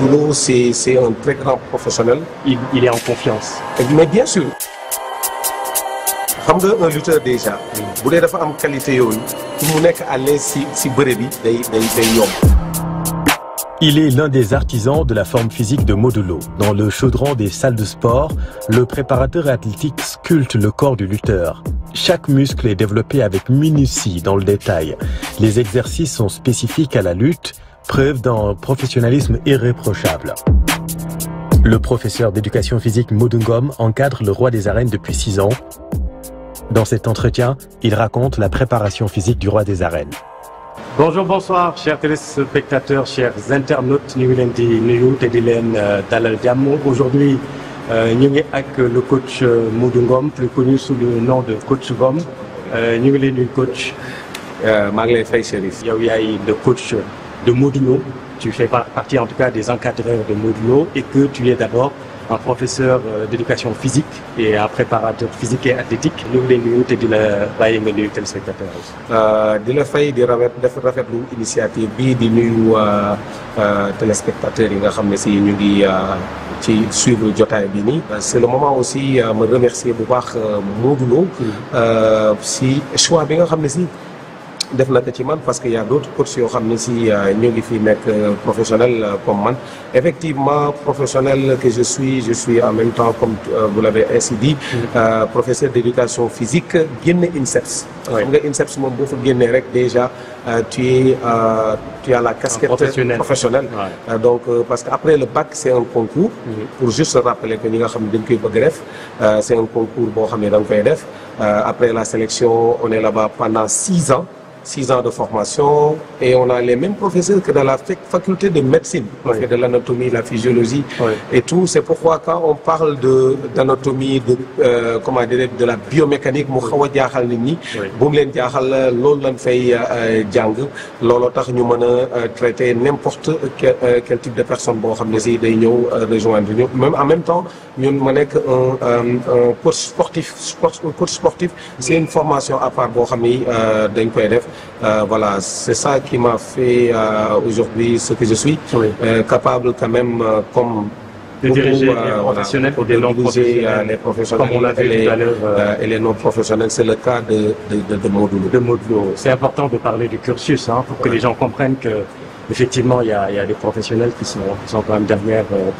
Modulo, c'est un très grand professionnel. Il, il, est en confiance. Mais bien sûr. xam nga un déjà. bu dee dafa am qualité yooyu. pour mu nekk à l'aise si si bëre bi day day day yomb. Il est l'un des artisans de la forme physique de Modulo. Dans le chaudron des salles de sport, le préparateur athlétique sculpte le corps du lutteur. Chaque muscle est développé avec minutie dans le détail. Les exercices sont spécifiques à la lutte preuve d'un professionnalisme irréprochable. Le professeur d'éducation physique Modungom encadre le roi des arènes depuis 6 ans. Dans cet entretien, il raconte la préparation physique du roi des arènes. Bonjour, bonsoir, chers téléspectateurs, chers internautes. Nous sommes de Aujourd'hui, euh, ñu ngi ak le coach euh, Modou Ngom plus connu sous le nom de coach Ngom euh, ñu ngi leen nuyu maa ngi lay fay Chérif. yow yaay le coach de modulo. Tu fais partie en tout cas des encadreurs de modulo et que tu es d'abord un professeur euh, d'éducation physique et un préparateur physique et athlétique ñu ngi leen nuyu te di la bàyyi nga nuyu téléspectateur euh, di la fay di rafet def rafetlu initiative bi di nuyu euh, téléspectateurs yi nga xam ne si ñu ngi ci suivre jotaay bi nii. c' est le moment aussi ma remercier bu baax Modou Lo mm. si choix bi nga xam ne si. def na ci man parce que y' a d' autres coachs yoo xam ne si euh, ñu ngi fi nekk euh, professionnel euh, comme man effectivement professionnel que je suis je suis en même temps comme vous l'avez ainsi dit mm-hmm. euh, professeur d' éducation physique génn INSEPS xam nga INSEPS moom boo fa génnee rek déjà tu es tu as la casquette professionnelle, professionnelle. Ouais. donc parce que après le bac c' est un concours mm-hmm. pour juste rappeler que ñi nga xam ne dañ koy bëgg def c' est un concours boo xam ne da nga koy def après la sélection on est là-bas pendant six ans six ans de formation et on les mêmes professeurs que dans la faculté de médecine. On oui. fait de l'anatomie, la physiologie et tout. C'est pourquoi quand on parle de d'anatomie de euh, comment dire de la biomécanique mu xaw a jaaxal nit ñi. bu mu leen jaaxal loolu lañ fay euh, jàng looloo tax ñu mën a euh, traiter n'importe euh, quel, euh, type de personne boo xam ne si day ñëw rejoindre ñu même en même temps ñun ma nekk un un coach sportif coach sportif c'est une formation à part boo xam ni dañ koy def. Euh, voilà, c'est ça qui m'a fait euh, aujourd'hui ce que je suis, oui. Euh, capable quand même, euh, comme de beaucoup, diriger les voilà, professionnels pour des non professionnels, les professionnels, comme on l'a vu les, tout à l'heure. et les non professionnels, c'est le cas de, de, de, de Modulo. De Modulo. C'est important de parler du cursus hein, pour ouais. que les gens comprennent que effectivement, il y a, y a, des professionnels qui sont, qui sont quand même derrière euh,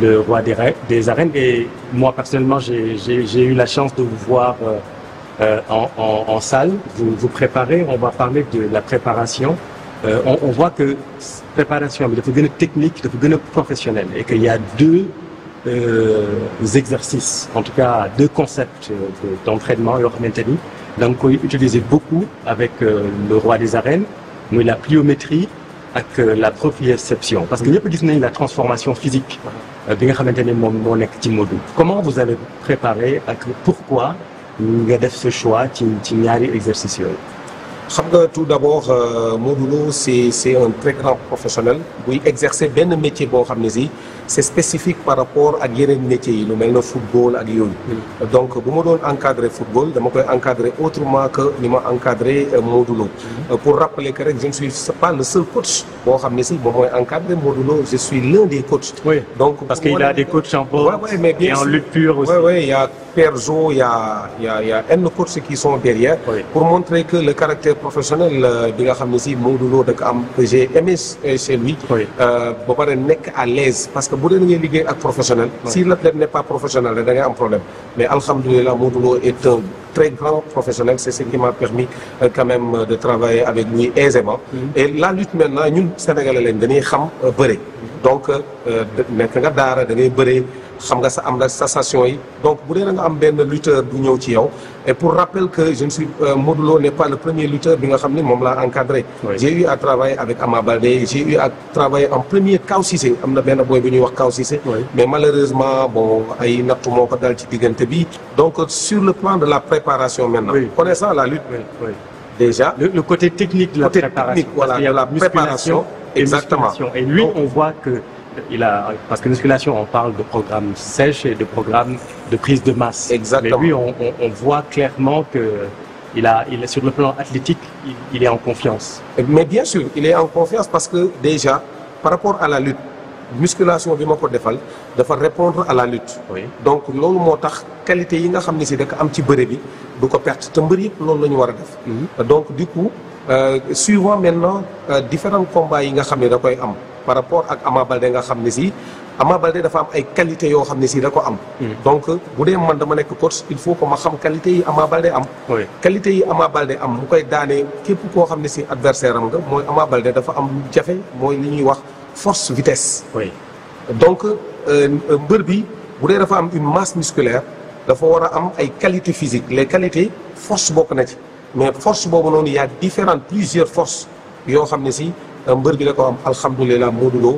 le roi des, des arènes. Et moi, personnellement, j'ai eu la chance de vous voir euh, euh, en, en, en, salle, vous vous préparez, on va parler de la préparation. Euh, on, on, voit que préparation bi dafa gën a technique dafa gën a professionnel et qu'il y a deux euh, exercices en tout cas deux concepts euh, d'entraînement yoo xamante ni da nga koy utiliser beaucoup avec euh, le roi des arènes muy la pliométrie ak euh, la proprioception parce que ñëpp gis nañ la transformation physique bi nga xamante ni moom moo nekk ci Modou comment vous allez préparer ak pourquoi nga def ce choix ci ci ñaari exercice yooyu. xam nga tout d'abord euh, Modou Lo c'est c'est un très grand professionnel buy exercer benn métier boo xam ne si. c'est spécifique par rapport ak yeneen métiers yi lu mel na football ak yooyu. Mm. donc bu ma doon encadrer football dama koy encadrer autrement que ni ma encadrer euh, Modou Lo. Mm. Euh, pour rappeler que rek je ne suis pas le seul coach. boo xam ne a des coachs en boxe. et pour montrer que le caractère professionnel euh, bi nga xam ne si Modou Lo da ko am que j'ai aimé chez lui. ba pare nekk à l'aise que bu dee ngeen liggéey ak professionnel. si l'athlète n'est pas professionnel rek da ngay am problème. mais alhamdulilah Modou Lo est un très grand professionnel c'est ce qui m'a permis euh, quand même euh, de travailler avec lui aisément. Mm-hmm. et la lutte maintenant ñun sénégalais lañ dañuy xam euh, bëre. Mm-hmm. donc nekk nga daara da ngay bëre. xam nga sa am la sensation yi donc bu dee da nga am benn lutteur bu ñëw ci yow et pour rappel que je ne suis euh, Modou Lo n'est pas le premier lutteur bi nga xam ne moom laa encadré j'ai eu à travailler avec Ama j'ai eu à travailler en premier Kaw Cissé am na benn boy bu ñuy wax Kaw Cissé mais malheureusement bo ay nattu moo ko dal ci diggante bi donc sur le plan de la préparation maintenant connaissant la lutte déjà le, côté technique de la préparation la préparation exactement et lui on voit que il a, parce que musculation, on parle de programme sèche et de programme de prise de masse. Exactement. Mais lui, on, on, on voit clairement que a, il est sur le plan athlétique, il, en confiance. Mais bien sûr, en confiance parce que déjà, par rapport à la lutte, musculation bi ma ko defal dafa répondre à la lutte. donc loolu moo tax qualité yi nga xam ne si da am ci bëre bi du ko perte te mbër loolu la ñu war a def. Mhm. donc du coup euh, suivant maintenant euh, différents combats yi nga xam ne da koy am. par rapport ak Ama Baldé nga xam ne si Ama Baldé dafa am ay qualité yoo xam ne si da ko am hmm. donc bu dee man dama nekk coach il faut que ma xam qualité yi Ama Baldé am qualité yi Ama Baldé am mu koy daanee képp koo xam ne si adversaire am nga mooy Ama Baldé dafa am lu jafe mooy li ñuy wax force vitesse donc euh, euh, mbër bi bu dee dafa am une masse musculaire dafa war a am ay qualité physique les qualités force bokk na ci mais force boobu noonu y a différentes plusieurs forces yoo xam ne si mbër bi na ko am alhamdulilah Modou Lo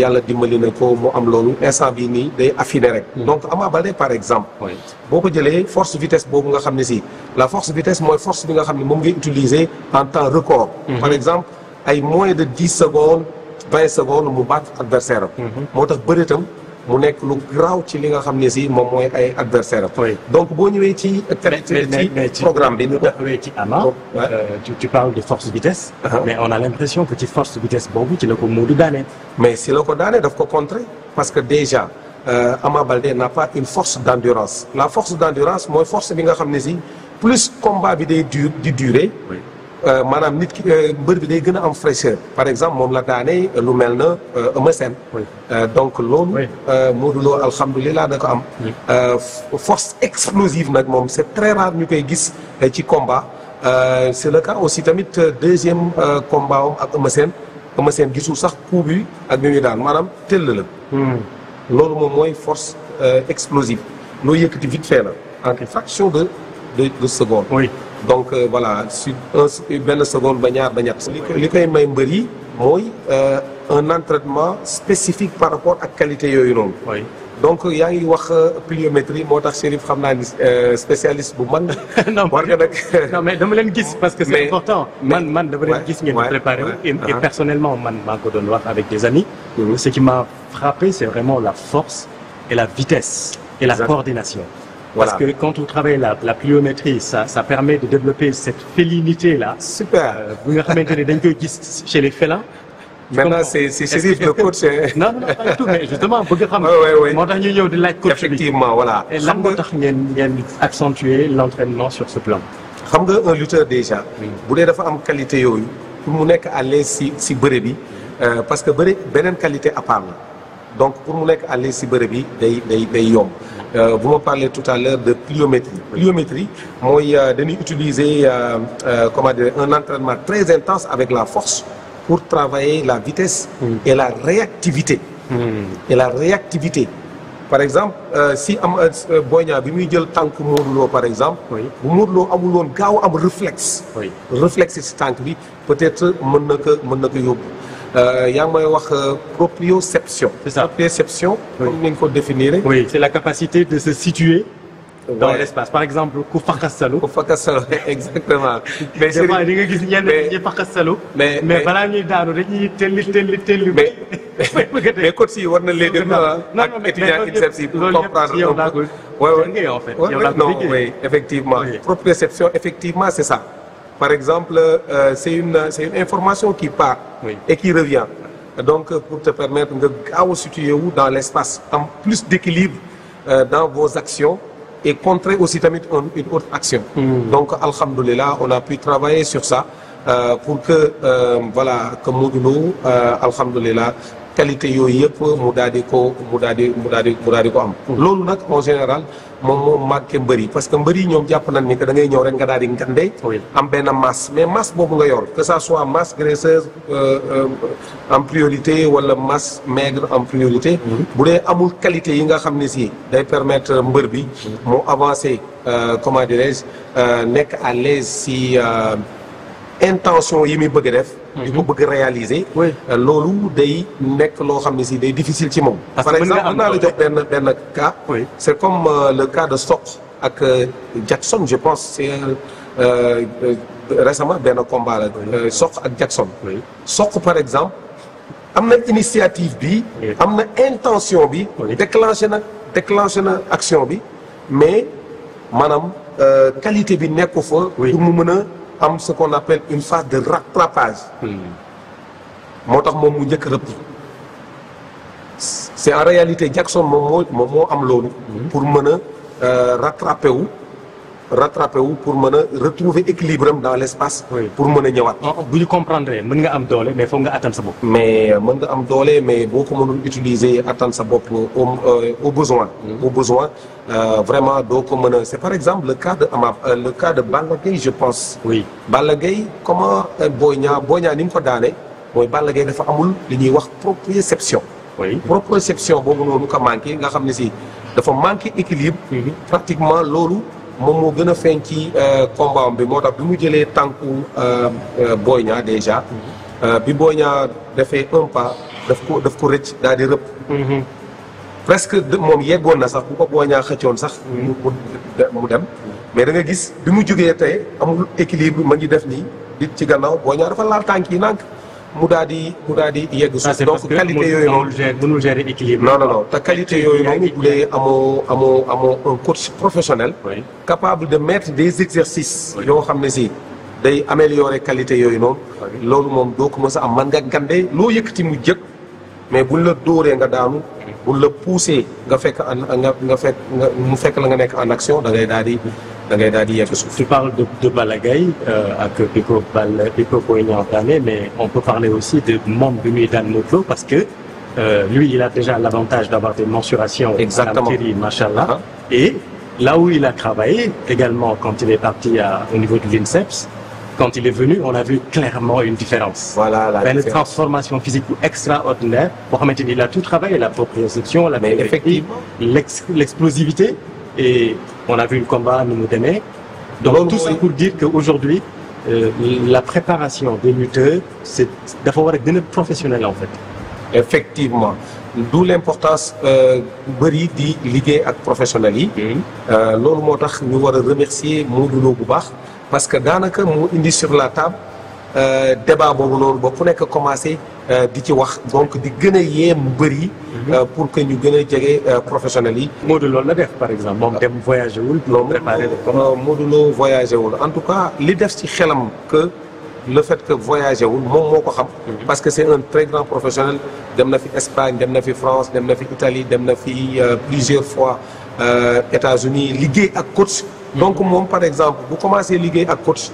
yàlla dimbali na ko mu am loolu instant bi nii day affiné rek hmm. donc Ama Baldé par exemple boo ko jëlee force vitesse boobu nga xam ne si la force vitesse mooy force bi nga xam ne moom ngay utiliser en temps record hmm. par exemple ay moins de dix secondes vingt secondes mu baat adversaire am hmm. moo tax bëreetam mu nekk lu graaw ci li nga xam ne si moom mooy ay adversaire am. donc boo ñëwee ci. ci programme bi. mais ci ama. Euh, tu parles de force vitesse. Uh-huh. mais on a l'impression que ci force vitesse boobu ci la ko di daane. mais si la ko daane daf ko contrer parce que déjà euh, Ama Baldé n'a pas une force d'endurance la force d'endurance mooy force bi nga xam ne si plus combat bi day dur di durer. Euh, maanaam nit ki euh, mbër bi day gën a am fraîcheur par exemple moom la daanee lu mel na euh, Eumeu Sène donc loolu Modou Lo alhamdulilah da ko am force explosive nag moom c'est très rare ñu koy gis ci combat c'est le cas aussi tamit deuxième combat ak Eumeu Sène Eumeu Sène gisul sax coup yi ak bi muy daan maanaam tëll la hmm. loolu moom mooy force explosive loo yëkkati vite fait la en fraction de de seconde donc euh, voilà si un benn seconde ba ñaar ba li koy may mbër yi mooy euh, un entraînement spécifique par rapport ak qualité yooyu noonu. donc yaa ngi wax euh, pliométrie moo tax Chérif xam naa ni spécialiste bu man war nga nag non dama leen gis parce que c'est important man man dama leen gis ngeen préparé et uh-huh. personnellement man maa ko doon wax avec des amis mm-hmm. ce qui m'a frappé c'est vraiment la force et la vitesse et la coordination Voilà. Parce que quand on travaille la, la pliométrie, ça, ça permet de développer cette félinité-là. Super. bu nga xamante ne dañ koy gis chez les félins. maintenant c'est c'est bëgg xam. moo tax ñu ñëw di laaj coach bi effectivement voilà. et lan moo tax ngeen ngeen accentuer l'entraînement sur ce plan. xam nga un lutteur déjà. bu dee dafa am qualité yooyu pour mu nekk à l'aise si si bëre bi euh, parce que bëre beneen qualité à part donc pour mu nekk à l'aise si bëre bi day day day yomb. Euh, vous me parlez tout à l'heure de pliométrie pliométrie mooy euh, dañuy utiliser euh, comment dire un entraînement très intense avec la force pour travailler la vitesse mm. et la réactivité mm. et la réactivité par exemple si am Boy bi muy jël tànk Modou par exemple bu Modou Lo amul woon gaaw am réflexe réflexe si tànk bi peut-être mën na ko mën na ko yóbbu Euh, yaa ngi may wax euh, proprioception. c'est ça proprioception. Oui. comme ni nga ko définir. c'est la capacité de se situer. dans l'espace par exemple ku fakkastalu. ku fakkastalu exactement. mais Serigne di nga gis ñenn ñi fakkastalu. mais mais balaa ñuy daanu dañuy telli telli telli. mais mais coach si war na leen dem ak étudiant INSEPS pour comprendre yow laa ko. yow en fait yow laa ko non oui effectivement. proprioception effectivement c'est ça. Par exemple, euh, c'est une, une information qui part oui. et qui revient. Donc, pour te permettre de situer dans l'espace, en plus d'équilibre euh, dans vos actions et contrer aussi une autre action. Mm. Donc, Alhamdulillah, on a pu travailler sur ça euh, pour que, euh, voilà, que Modulo, euh, Alhamdulillah, qualité yooyu yëpp mu daal di ko mu daal di mu daal di mu daal di ko am hmm. loolu nag en général moom moo manqué mbër yi parce que mbër yi ñoom jàpp nañ ni que da ngay ñëw rek nga daal di ngande am benn masse mais masse boobu nga yor que ça soit masse graisseuse euh, euh, en priorité wala masse maigre en priorité hmm. bu dee amul qualité yi nga xam ne si day permettre mbër bi hmm. mu avancer euh, comment dirais-je nekk à l'aise si intention yi muy bëgg def di ko bëgg réaliser euh, loolu day nekk loo xam ne si day difficile ci moom par exemple mën naa la jox benn benn c'est comme euh, le cas de sox ak euh, Jackson je pense c'est récemment benn combat la ak Jackson Soq par exemple am na initiative bi am na intention bi déclenché na déclenché na action bi mais maanaam qualité bi nekku fa pour mu mën am ce qu'on appelle une phase de rattrapage hmm. moo tax moom mu njëkk rëpp c'est en réalité Jackson moom moo moo am loolu hmm. pour mën a euh, rattraper wu rattraper wu pour mën a retrouver équilibre am dans l' pour mën a ñëwaat. bu ñu comprendre mën nga am doole mais foog nga attan sa bopp. mais euh, mën nga am doole mais boo ko mënul utiliser attan sa bopp au euh, au besoin. Mm-hmm. au besoin euh, vraiment doo ko mën a c' par exemple le cas de Ama le cas de je pense. oui Balla Gaye comment Boy Niang Boy Niang ni ko daane mooy Balla Gaye dafa amul li ñuy wax proprioception. oui proprioception boobu noonu ko manqué nga xam ne si dafa manqué équilibre. Mm-hmm. pratiquement loolu. moom moo gën a feeñ ci euh, combat bi moo tax bi mu jëlee tànku euh, euh, Boy Niang déjà bi Boy Niang defee un pas daf ko daf ko rëcc daal di rëpp mm-hmm. presque moom yeggoon na sax bu ko Boy Niang xëccoon sax mu mm-hmm. dem mais da nga gis bi mu jógee tey amul équilibre ma ngi def nii di ci gannaaw Boy Niang dafa laal tànk yi nànk mu daal di mu di yegg suuf donc qualité yooyu noonu mënul gérer équilibre non non non te qualité yooyu noonu bu dee amoo amoo amoo un professionnel capable de mettre des exercices yoo xam ne si day améliorer qualité yooyu noonu loolu moom doo ko mës a am man nga gande loo yëkkati mu jëkk mais buñ la dóoree nga daanu buñ la poussé nga fekk nga nga fekk mu fekk la nga nekk en action dangay ngay daal di da ngay daal di yegg suuf. Euh, mais on peut parler aussi de moom bi muy daan Modou parce que euh, lui il a déjà l'avantage d'avoir des mensurations. Uh-huh. et là où il a travaillé également quand il est parti au niveau de l'INSEPS quand il est venu on a vu clairement une différence. voilà la différence benn transformation physique bu extraordinaire. boo xamante il a tout travaillé la proprioception la. mais l'explosivité et. on a vu combat nu mu demee. donc tout ça pour dire que aujourd'hui euh, la préparation des lutteurs c'est dafa war a gën a professionnel en fait. effectivement d'où l'importance euh, bëri di liggéey ak professionnels yi. Mm-hmm. Euh, loolu moo tax ñu war a remercier Modou Lo bu baax. parce que daanaka mu indi sur la table débat boobu loolu ba ku nekk commencé. Euh, di ci wax donc di gën a yee mbër yi euh, mhm. pour que ñu gën a jege euh, professionnels yi. moo Modou Lo la def par exemple moom dem voyagé wul. loolu préparé Modou Lo voyagé wul en tout cas li def ci xelam que le fait que voyagé wul moom moo ko xam. Mhm. parce que c'est un très grand professionnel dem na fi Espagne dem na fi France dem na fi Italie dem na fi plusieurs fois États-Unis liggéey ak coach. Mhm. donc moom par exemple bu commencé liggéey ak coach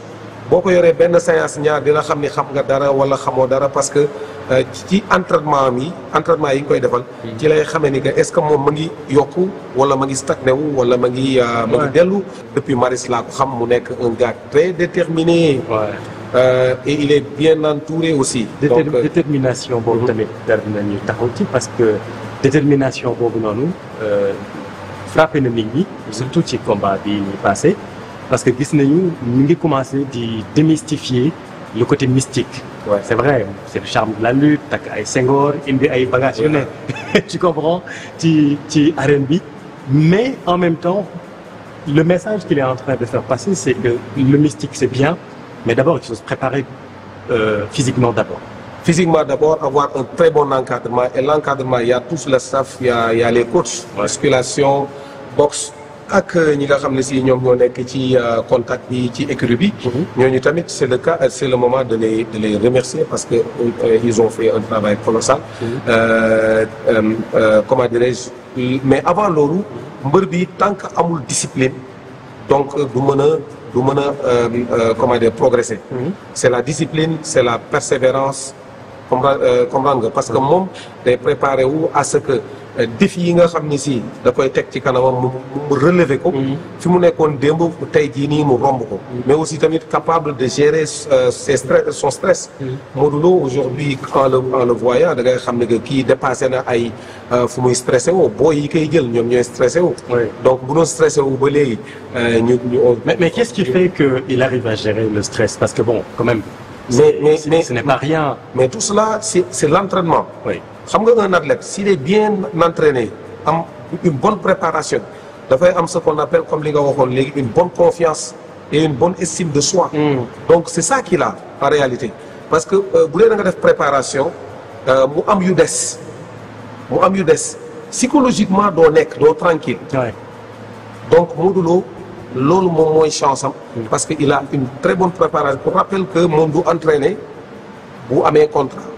boo ko yore benn séance ñaar dina xam ni xam nga dara wala xamoo dara parce que. Euh, ci entraînement mi entraînement yi nga koy defal. Hmm. ci lay xamee ni que est-ce que moom ma ngi yokku wala ma ngi stagné wu wala ma ngi. Euh, ma dellu depuis Maris laa ko xam mu nekk un gars très déterminé. Euh, et il est bien entouré aussi. Déter donc euh, détermination boobu mhm. tamit dara nañu taxaw ci parce que détermination boobu noonu frappé na nit ñi surtout ci combat bi ñu parce que gis nañu ñu ngi commencé di démystifier. le côté mystique. Ouais. C'est vrai, c'est le charme de la lutte, takk ay Senghor, indi ay bagages yu ne. Tu comprends ci ci arène bi mais en même temps le message qu'il est en train de faire passer c'est que le mystique c'est bien mais d'abord il faut se préparer euh, physiquement d'abord. Physiquement d'abord avoir un très bon encadrement et l'encadrement il y a tout le staff, il y a il y a les coachs, ouais. musculation, boxe ak ñi nga xam ne si ñoom ñoo nekk ci euh, contact bi ci écurie bi. Mhm. ñooñu tamit c' est le cas c' le moment de les de les remercier parce que euh, ils ont fait un travail colossal. Mhm. Euh, euh, euh, comment dirais mais avant loolu mbër bi tant que amul discipline donc du mën a du mën a comment dire progresser. Mhm. c' est la discipline c' est la persévérance comprendre comprendre nga parce que moom des préparé wu à ce que. défi yi nga xam ni si da koy teg ci kanamam mu releve ko mm-hmm. fi mu nekkoon démb tey jii nii mu romb ko mm-hmm. mais aussi tamit capable de gérer euh, ses stress son stress mm-hmm. Modou Lo aujourd'hui en le en le da ngay xam ne que kii dépassé na ay euh, fu muy stressé wo boo yi koy jël ñoom ñooy stressé wu donc bu doon stressé wu ba léegi euh, ñu ñu mais qu'est-ce qui fait que il arrive à gérer le stress parce que bon quand même mais mais mais ce n'est pas rien tout cela c'est l'entraînement xam nga un athlète s'il est bien entraîné am une bonne préparation dafay am ce qu'on comme li nga waxoon léegi une bonne confiance et une bonne estime de soi mm. donc c'est ça qu'il a en réalité parce que euh, bu dee nga def préparation euh, mu am yu des mu am yu des psychologiquement doo nekk doo tranquille donc Modou loolu moom mooy chance am mm. parce que il a une très bonne préparation pour rappel que moom du entraîné bu amee contrat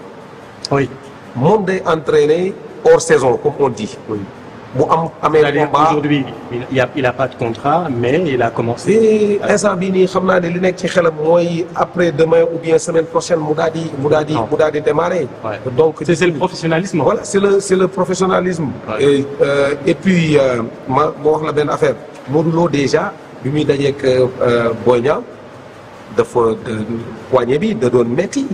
moom day entraîner hors saison comme on dit. Oui. mu am amee combat aujourd'hui il a il a pas de contrat mais il a commencé. instant bii nii xam naa ne li nekk ci xelam mooy après demain ou bien semaine prochaine mu daal di mu daal di mu daal di démarrer. donc c'est c'est le professionnalisme. voilà c'est le c'est le professionnalisme. et euh, et puis euh, ma ma wax la benn affaire Modou Lo déjà bi muy dajeeg euh, Boy Niang dafa poignet bi da doon metti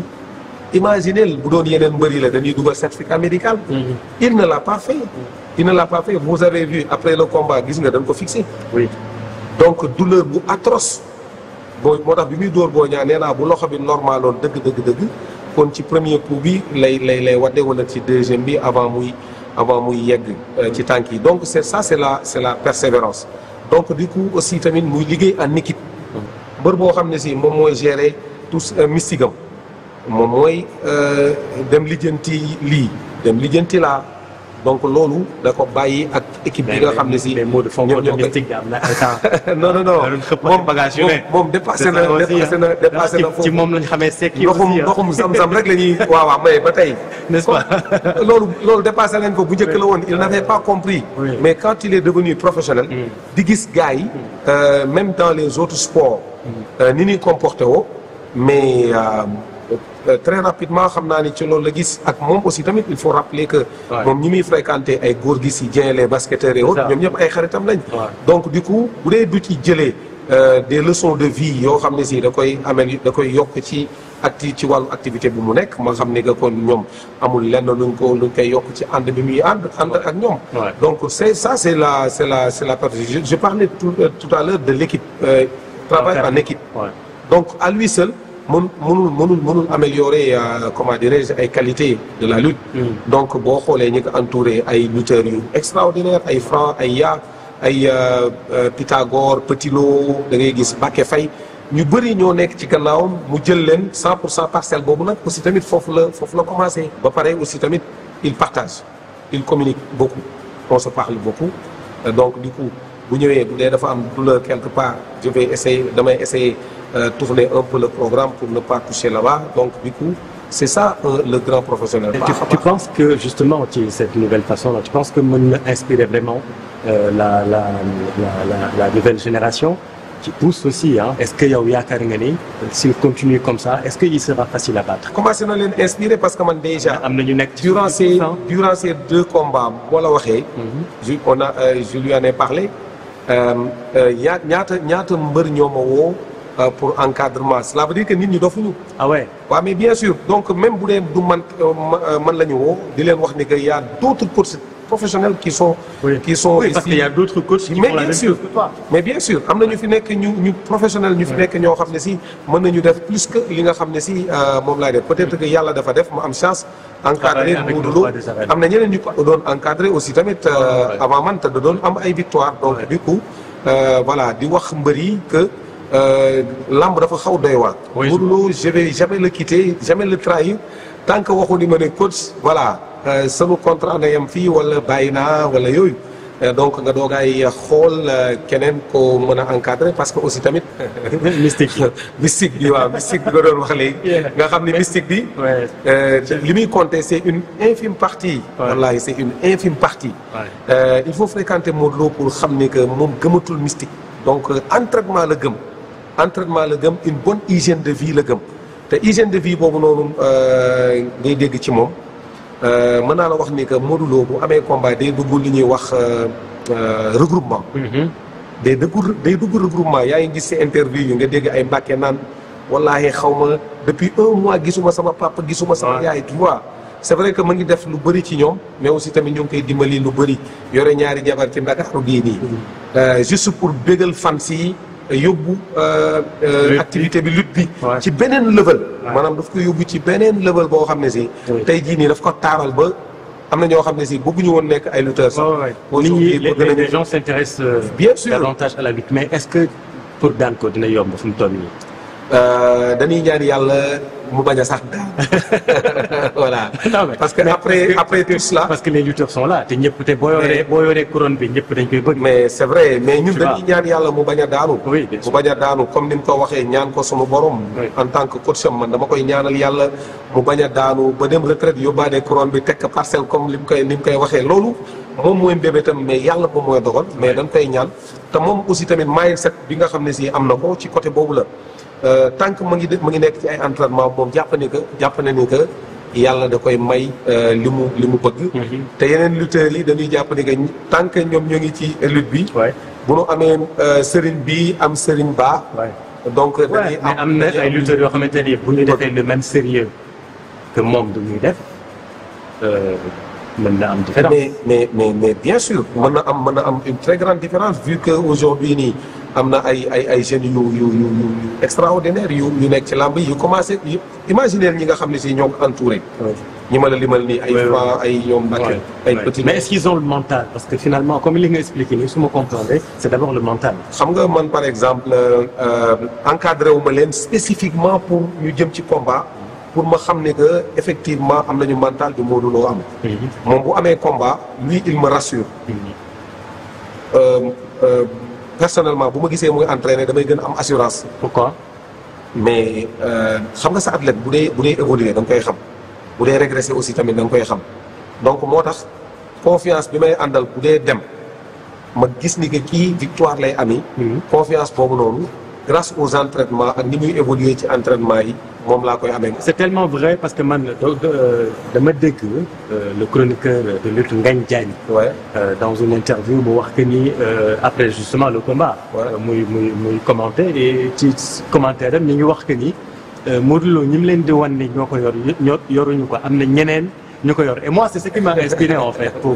imaginez bu doon yeneen mbër yi la dañuy dugal certificat médical. Mhm. il na l'a pas fait. il ne l'a pas vous avez vu après le combat gis nga dañ ko fixé. oui donc douleur bu atroce. boo moo tax bi muy door boo ñaa nee bu loxo bi normaloon dëgg dëgg dëgg kon ci premier coup bi lay lay lay wadde wala ci deuxième bi avant muy avant muy yegg euh, ci tànk yi donc c'est ça c'est la c'est la persévérance donc du coup aussi tamit muy liggéey en équipe mhm. mbër boo xam ne si moom mooy gérer tous euh, mystique moom mooy euh, dem lijjanti lii dem lijjanti laa donc loolu da ko bàyyi ak équipe bi nga xam ne si. ñoom ñoo koy ah. non non non moom moom dépassé na dépassé na dépassé na foofu ci moom zam-zam rek la ñuy waaw waaw mais ba tey. loolu loolu nañ ko bu njëkk la woon il n'avait pas compris. mais quand il est devenu professionnel. Mm. di gis gars yi. Euh, dans les autres mm. euh, ni ñuy comporté woo mais. Euh, euh, très rapidement xam naa ni ci loolu la gis ak moom aussi tamit il faut rappeler que moom ñi muy fréquenté ay góor gi si Dieng les basketteurs et autres ñoom ñëpp ay xaritam lañ donc du coup bu dee du ci jëlee euh, des leçons de vie yoo xam ne si da koy amel da koy yokk ci acti ci wàllu activité bi mu nekk ma xam ne que kon ñoom amul lenn luñ koy yokk ci ànd bi muy ànd ànd ak ñoom donc c'est ça c'est la c'est la c'est la partie je, je parlais tout, tout à l'heure de l'équipe travail en équipe donc à lui mën mënul mënul mënul améliorer euh, comment dirais-je ay qualité de la lutte mm. donc boo xoolee ñi ko entouré ay lutteurs yu extraordinaire ay franc ay yaa ay euh, euh, Pythagore Petit Lo da ngay gis Bakke Faye ñu bëri ñoo nekk ci gannaawam mu jël leen 100 pour cent parcelle boobu nag aussi tamit foofu la foofu la commencé ba pare aussi tamit il partage il communique beaucoup on se parle beaucoup donc du coup bu ñëwee bu dee dafa am douleur quelque part je vais essayer damay essayer euh, tourner un peu le programme pour ne pas coucher là-bas. Donc, du coup, c'est ça euh, le grand professionnel. Et tu, tu penses que justement, tu, cette nouvelle façon-là, tu penses que Moon inspirait vraiment euh, la, la, la, la, nouvelle génération qui pousse aussi hein? Est-ce que yow yaakaar nga ni s'il continue comme ça est-ce que il sera facile à battre. commencé na leen inspiré parce que man déjà. am na ñu nekk ci durant ces durant ces deux combats boo la waxee. Mhm. je on a euh, je lui en ai parlé. Euh, euh, ñaata ñaata mbër ñoo ma woo. Euh, pour encadrement cela veut dire que nit ñi dofuñu ah ouais waaw mais bien sûr donc même bu dee du man euh, euh, man la ñu woo di leen wax ni que y a d'autres courses professionnels qui sont oui. qui sont oui, parce qu'il mais font bien sûr am na ñu fi nekk ñu ñu professionnel ñu fi nekk ñoo xam ne si mën nañu def plus que li nga xam ne si mom laay def peut-être que yàlla dafa def mu am chance encadré Modou Lo am na ñeneen ñu ko doon encadré aussi tamit avant man te da doon am ay victoire donc du coup di wax mbër yi Euh, lamb dafa xaw doy waat. Modou Lo je vais jamais le quitter jamais le trahir tant que waxu ni ma ne coach voilà euh, sama contrat na yem fii wala bàyyi naa wala yooyu euh, donc nga doogaay xool keneen ko mën a encadrer parce que aussi tamit. mystique mystique bi waaw mystique bi nga doon wax léegi. nga xam ni mystique bi. li muy compter c' est une infime partie. wallahi c' est une infime partie. il faut fréquenter Modou pour xam ni que moom gëmatul mystique. donc entraînement la gëm. entraînement la gëm une bonne hygiène de vie la gëm te hygiène de vie boobu noonu euh, ngay dégg ci moom euh, mën naa la wax ni que Modou Lo bu amee combat day dugg li ñuy wax euh, regroupement. Mm-hmm. day dugg day dugg regroupement yaa ngi gis si interview yi nga dégg ay mbàkke naan wallaahi xaw ma depuis un mois gisuma sama papa gisuma sama yaay tu vois c'est vrai que ma ngi def lu bëri ci ñoom mais aussi tamit ñu ngi koy dimbali lu bëri yore ñaari jabar ci Ndakaaru gii nii mm-hmm. juste pour bégal yóbbu euh, euh, activité bi lutte bi ci beneen level maanaam daf ko yóbbu ci beneen level boo xam ne si tey jii nii daf ko taaral ba am na ñoo xam ne si bëgguñu woon nekk ay lutteurs sax nit ñi les gens s'intéressent euh, bien sûr davantage à la mais est-ce que pour daan ko dina yomb fu mu toll nii dañuy ñaan yàlla mu bañ a sax voilà. parce que après après tout cela. parce que les lutteurs sont là te ñëpp te boo yoree boo yoree couronne bi ñëpp dañ koy bëgg. mais c' vrai mais ñun dañuy ñaan yàlla mu bañ a daanu. mu bañ a daanu comme ni mu ko waxee ñaan ko suma borom. en tant que coach am man dama koy ñaanal yàlla mu bañ a daanu ba dem retraite yóbbaale couronne bi tekk parcelle comme li mu koy ni mu koy waxee loolu. moom mooy mbébétam mais yàlla moom mooy dogal mais dañ koy ñaan te moom aussi tamit mindset bi nga xam ne si am na ko ci côté boobu la. Euh, tant que ma ngi ma ngi nekk ci ay entraînement moom jàpp ni que jàpp na ni que yàlla da koy may euh, li mu li mu bëgg. Mhm. te yeneen lutteurs yi dañuy jàpp tant que ñoom ñoo ngi ci lutte bi. bu nu amee euh, sëriñ bi am sëriñ baa. donc dañuy am am na ay lutteurs yoo xamante ni bu ñu defee le même sérieux que moom du ñuy def. mën na am différence mais mais mais bien sûr mën na am mën na am une très grande différence vu que aujourd'hui nii. am na ay ay ay jeunes yu yu yu yu extraordinaire yu yu nekk ci làmb yi yu commencé yu imaginaire ñi nga xam ne si ñoo ko entouré. ñi ma la limal nii ay fa ay ñoom. mbàkke ay petit mais est-ce qu'ils parce que finalement comme li nga expliqué nii su ma comprendre c'est d'abord le mental. xam nga man par exemple euh, encadré wu ma leen spécifiquement pour ñu jëm ci combat. pour ma xam ne que effectivement am na ñu mental du Modou Lo am. Mhm. moom bu amee combat lui il me rassure. Mhm. Euh, euh, personnellement bu ma gisee muy entraîné damay gën am assurance. pourquoi mais euh, xam nga sa athlète bu dee bu dee évolué da koy xam bu dee régressé aussi tamit da koy xam donc moo tax confiance bi may àndal bu dee dem ma gis ni que kii victoire lay ami mhm. confiance boobu noonu grâce aux entraînements ak ni muy évoluer ci entraînement yi. moom laa koy amee. c'est tellement vrai parce que man euh, dama dégg euh, le chroniqueur de lutte Ngagne Diagne. Ouais. Euh, dans une interview mu wax que ni euh, après justement le combat. muy muy muy commenté et ci commentaire am ñu wax que ni Modou Lo ñi leen di wan ni ñoo ko yor ñoo yoruñu ko am na ñeneen. ñu ko yor et moi c'est ce qui m'a inspiré en fait pour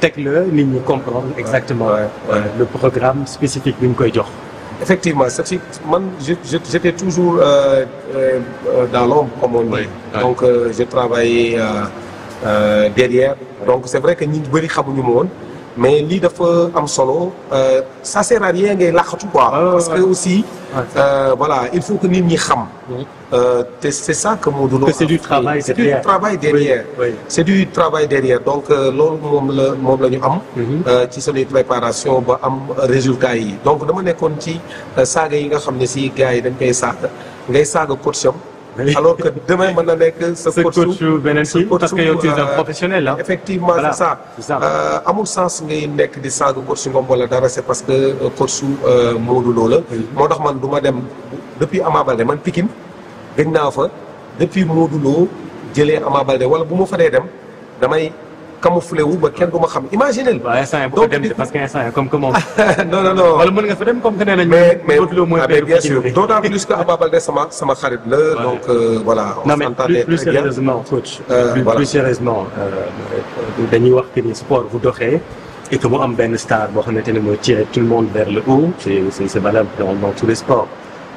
teg la nit ñu comprendre exactement ouais, ouais. Euh, le programme spécifique bi ñu koy jox effectivement c' est man je j' étais toujours euh, euh, euh, dans l'ombre comme on dit. donc euh, j'ai travaillé derrière donc c' est vrai que ñi bëri xamuñu ma woon. mais lii dafa am solo euh, ça sert à ngay làqatu quoi. Ah, parce que aussi. Euh, voilà il faut que nit ñi xam. Euh, te c'est ça que Modou Lo. que c'est du travail derrière c'est du travail derrière. Oui, oui. c'est du travail derrière donc euh, loolu moom la ñu am. Mhm. ci suñuy préparation ba am résultat yi donc dama nekkoon ci saaga yi nga xam ne si gars yi dañ koy saaga ngay saaga coach am alors que demain man na nekk sa coach su beneen si parce que yow tu es un euh, professionnel là. effectivement c'est ça euh, amul sens ngay nekk di saaga coach su Ngom wala dara c'est parce que euh, coach su la moo tax man du dem depuis Ama Baldé man Pikine gëj naa fa depuis Modou Lo jëlee Ama Baldé wala bu ma fa dee dem damay camouflé wu ba kenn du ma xam imaginez. waaw instant bu ko dem parce que instant comme que moom. non non non wala mën nga fa dem comme que nee nañ. mais mais ah, sama xarit la. donc euh, voilà plus sérieusement euh, euh, dañuy wax que sport bu doxee. et que mu am benn star boo xamante ne mooy tirer tout le monde vers le haut. c'est c'est valable dans dans tous les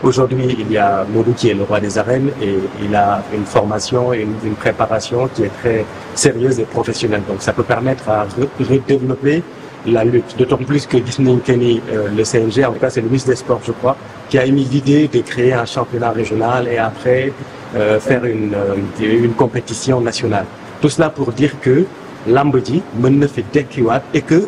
Aujourd'hui, il y a Modou qui est le roi des arènes et il a une formation et une, préparation qui est très sérieuse et professionnelle. Donc ça peut permettre à redévelopper la lutte. D'autant plus que Disney euh, le CNG, en tout cas c'est le ministre des Sports qui a émis l'idée de créer un championnat régional et après euh, faire une, euh, compétition nationale. Tout cela pour dire que Lambodi mène fait et que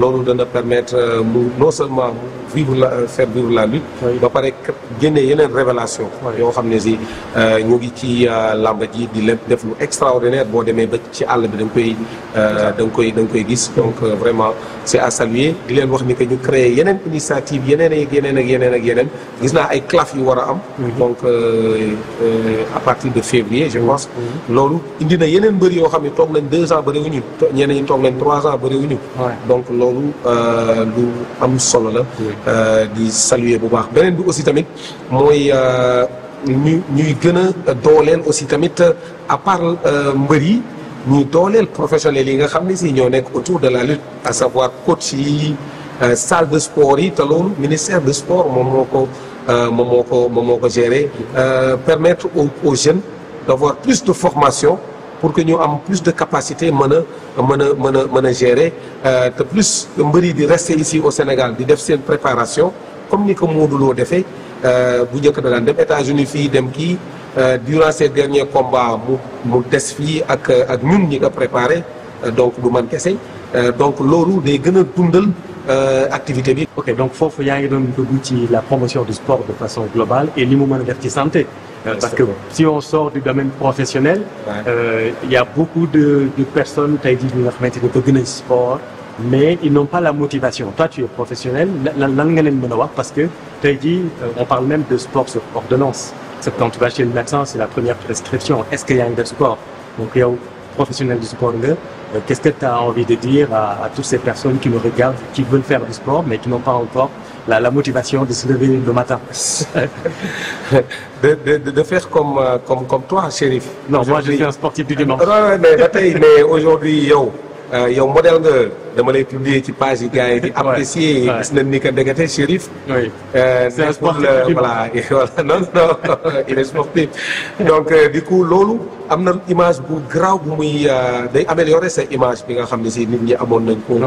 loolu dana permettre euh, mu non seulement bu la euh, faire vivre la lutte ba pare génne yeneen révélation yoo xam ne si euh, ñu ngi ci lamba ji di lépp def lu extraordinaire boo demee ba ci àll bi da nga koy da nga koy da nga koy gis donc vraiment c'est à saluer di leen wax ni que ñu créer yeneen initiative yeneen ak yeneen ak yeneen ak yeneen gis naa ay claf yu war a am mhm. donc euh, euh, à partir de février je mhm. pense mhm. loolu indi na yeneen mbër yoo xam ne toog nañ deux ans bëriwuñu ñenn ñi toog nañ trois ans bëriwuñu donc loolu euh, lu am solo la di saluer bu baax beneen bi aussi tamit mooy ñu ñuy gën a dooleel aussi tamit à part mbër yi ñuy dooleel professionnels yi nga xam ne si ñoo nekk autour de la lutte à savoir coach yi Euh, salle de sport yi te loolu ministère de sport moom moo ko euh, moom moo ko moom moo ko gérer euh, permettre aux aux jeunes d'avoir plus de formation pour que ñu am plus de capacité mën a mën a mën a mën a gérer te plus mbër yi di rester ici au Sénégal di def seen préparation comme ni ko Modou Lo defee bu njëkk da daan dem États-Unis fii dem kii durant ces derniers combats mu des fii ak ak ñun ñi ko préparé donc du man kese donc loolu day gën a dundal. Euh, activité bi. ok donc foofu yaa ngi doon dugg ci la promotion du sport de façon globale et li mu mën a def ci santé. Euh, parce que si on sort du domaine professionnel. Euh, il beaucoup de de personnes tey jii ñi nga xamante ne bëgg nañ sport. mais ils n'ont pas la motivation toi tu professionnel lan lan nga leen mën a wax parce que tey jii euh, on parle même de sport sur ordonnance. c'est quand tu vas la première prescription est-ce que yaa ngi def sport donc yow professionnel du sport nga. Euh, qu'est-ce que tu as envie de dire à, à, toutes ces personnes qui nous regardent, qui veulent faire du sport, mais qui n'ont pas encore la, la, motivation de se lever le matin de, de, de, faire comme, euh, comme, comme toi, shérif. Non, moi je suis un sportif du dimanche. Non, non, mais, mais aujourd'hui, yo. Euh, yow modèle nga dama lay publier ci page yi gars yi di apprécier gis nañ ni que ndekete Chérif euh, c'est sportif voilà non non il est sportif donc euh, du coup loolu am na image bu graaw bu muy day améliorer sa image bi nga xam ne si nit ñi amoon nañ ko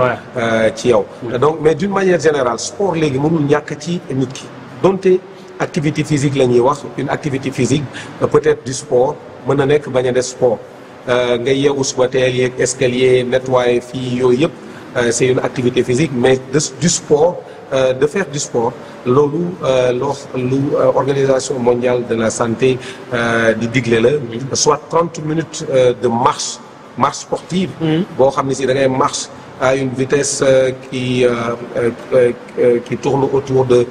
ci yow donc mais d'une manière générale sport léegi mënul ñàkk ci nit ki donte activité physique la ñuy wax une activité physique peut-être du sport mën na nekk bañ a des sport Euh, nga yeewu suba teel yeeg escalier nettoyer fii yooyu yëpp euh, c'est une activité physique mais de du sport euh, de faire du sport loolu lu organisation mondiale de la santé di digle la mhm. soit 30 minutes de marche marche sportive mhm. boo xam ne si da ngay marche à une vitesse euh, qui, euh, euh, qui tourne autour de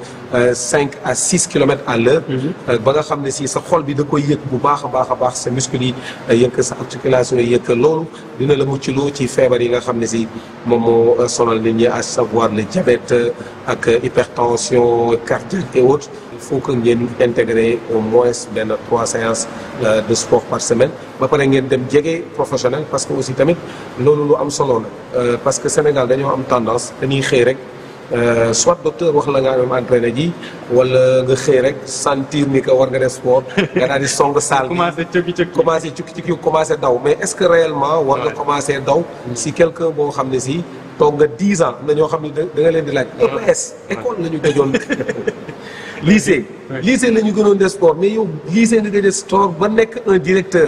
5 à 6 kilomètres à l'heure mhm. ba nga xam ne si sa xol bi da koy yëg bu baax a baax a baax sa muscle yi yëg sa articulation yi yëg loolu dina la mucc loo ci feebar yi nga xam ne si moom solo sonal ñi à savoir le diabète ak hypertension cardiaque et autres foo faut ngeen intégrer au moins benn trois séances euh, de sport par semaine ba pare ngeen dem jege professionnel parce que aussi tamit loolu lu am solo la euh, parce que Sénégal dañoo am tendance dañuy xëy rek euh, soit docteur wax la nga am entraîné ji wala nga xëy rek sentir ni que war nga def sport nga daal di song saal commencé cukki cukki commencé daw mais est-ce que réellement war nga commencé daw si quelque boo xam ne si toog nga dix ans am ñoo xam ne da nga leen di laaj mm-hmm. EPS la ñu tëjoon lycée lycée la ñu gënoon de sport mais yow lycée nga de sport ba nekk un directeur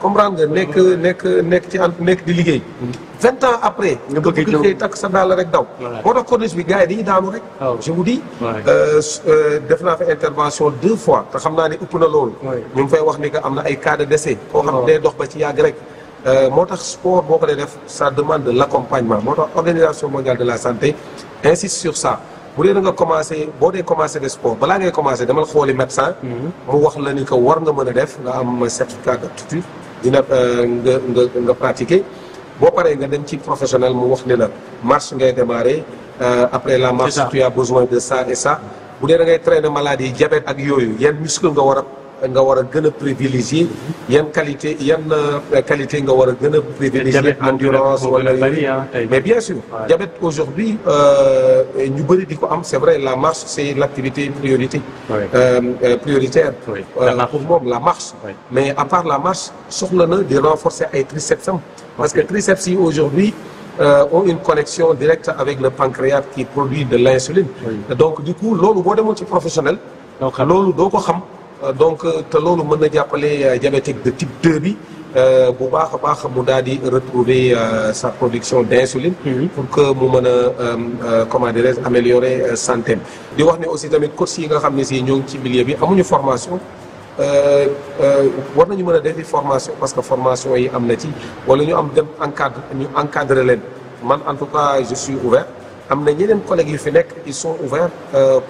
comprendre nga nekk nekk nekk ci en nekk di liggéey mm. vingt ans après nga bëgg xëy takk sa daal rek daw moo tax corniche bi gars di dañuy daanu rek oh. je vous dis euh, euh, def naa fa intervention deux fois te xam naa ne ëpp na loolu ñu mu fay wax ni que am na ay cas de décès xam ne oh. dox ba ci yàgg rek euh, moo tax sport boo ko dee def sa demande de l' moo tax organisation mondiale de la santé insiste sur bu dee na nga commencé boo dee commencé de sport balaa ngay commencé demal xooli médecin mhm. mu wax la ni que war nga mën a def nga am certificat d'aptitude dina euh, nga nga nga pratiquer boo paree nga dem ci professionnel mu wax ni na marche ngay démarrer euh, après la marche tu as besoin de ça et ça bu dee da ngay traîner maladie diabète ak yooyu yan muscle nga war a nga war a gën a privilégier euh, war a gën a privilégier endurance ah, mais bien sûr diabète aujourd'hui euh, ñu bëri di ko am c'est vrai la marche c'est l'activité priorité euh, prioritaire pour moom la marche mais à part la marche soxla na di renforcer ay triceps am parce que triceps yi aujourd'hui Euh, ont une connexion directe avec le pancréas qui produit de l'insuline oui. donc du coup loolu boo demoon professionnel loolu doo ko xam Euh, donc euh, te loolu mën na jàppale euh, diabétique de type 2 bi bu baax a baax mu daal di retrouver sa production d'insuline mhm. pour que mu mën a comment dirais-je améliorer santé di wax ne aussi tamit coach yi nga xam ne si ñoo ngi ci milieu bi amuñu formation war nañu mën a defi formation parce que formation yi am na ci wala ñu am dem encadre ñu encadre leen man en tout cas je ouvert am na ñeneen collègues yu fi nekk ils sont ouverts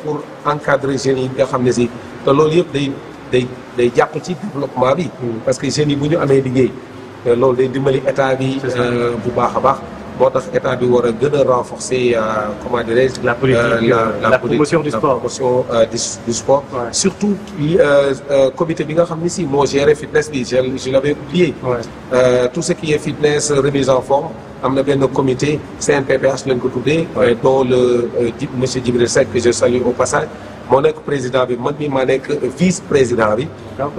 pour encadre jeunes yi nga xam ne si te loolu yëpp day day day jàpp ci développement bi. Hmm. parce que jeunes yi bu ñu amee liggéey. loolu day dimbali état bi. Euh, bu baax a baax. boo tax état bi war a gën a renforcer euh, comment dirais-je. la politique euh, la promotion du sport surtout comité bi nga xam ne si moo géré fitness bi je je l'avais oublié. tout ce qui est fitness remise en forme. am na benn comité CNPPH lañ ko tuddee dont le euh, monsieur Djibril Seck que je salue au passage moo nekk président bi man mi maa nekk vice président bi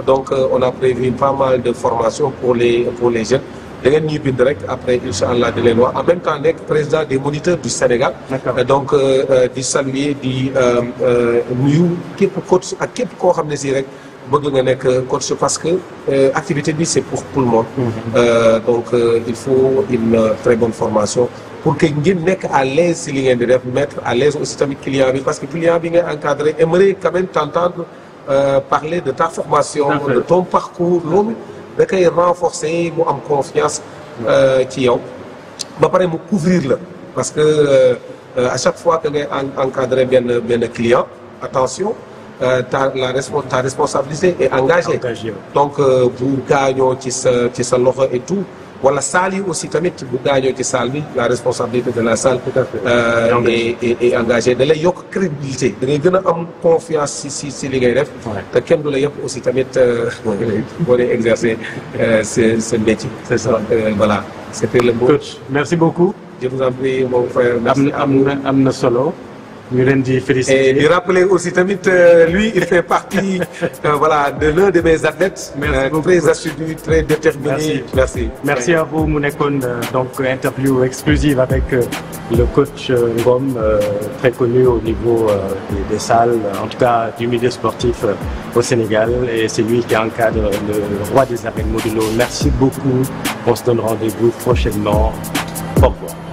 donc euh, on a prévu pas mal de formation pour les les jeunes da ngeen ñuy bind rek après incha allah di leen wax en même temps nekk président des moniteurs du Sénégal euh, donc di saluer di nuyu képp coach ak képp koo xam ne si rek bëgg nga nekk coach parce que euh, activité bi c'est pour tout le monde. Mhm. Euh, donc euh, il faut une très bonne formation pour que ngeen nekk à l'aise si li ngeen di def mettre à l'aise aussi tamit client bi parce que client bi ngay encadré aimerait quand même t'entendre parler de ta formation. de ton parcours loolu da renforcer mu am confiance. ci yow ba pare mu couvrir la parce que à chaque fois que ngay encadré benn benn client attention. Euh, ta la ta responsabilité est engagée donc bu euh, gaañoo ci sa ci sa loxo et tout wala salle yi aussi tamit bu gaañoo ci saal bi la responsabilité de la salle euh, est engagée da lay yokk crédibilité da ngay gën a am confiance ci si si li ngay te kenn du la yëpp aussi tamit boo dee exercer ce ce métier c'est ça voilà c'était le mot merci beaucoup je vous en prie mon frère am am am na solo ñu leen di féliciter et aussi tamit euh, lui il fait partie euh, voilà de l'un de mes athlètes. merci euh, beaucoup très assidu très déterminé. merci merci. merci ouais. à vous mu nekkoon euh, donc interview exclusive avec le coach Ngom très connu au niveau des, des salles en tout cas du milieu sportif au Sénégal et c'est lui qui encadre le roi des arènes Modou merci beaucoup on se donne rendez-vous prochainement au revoir.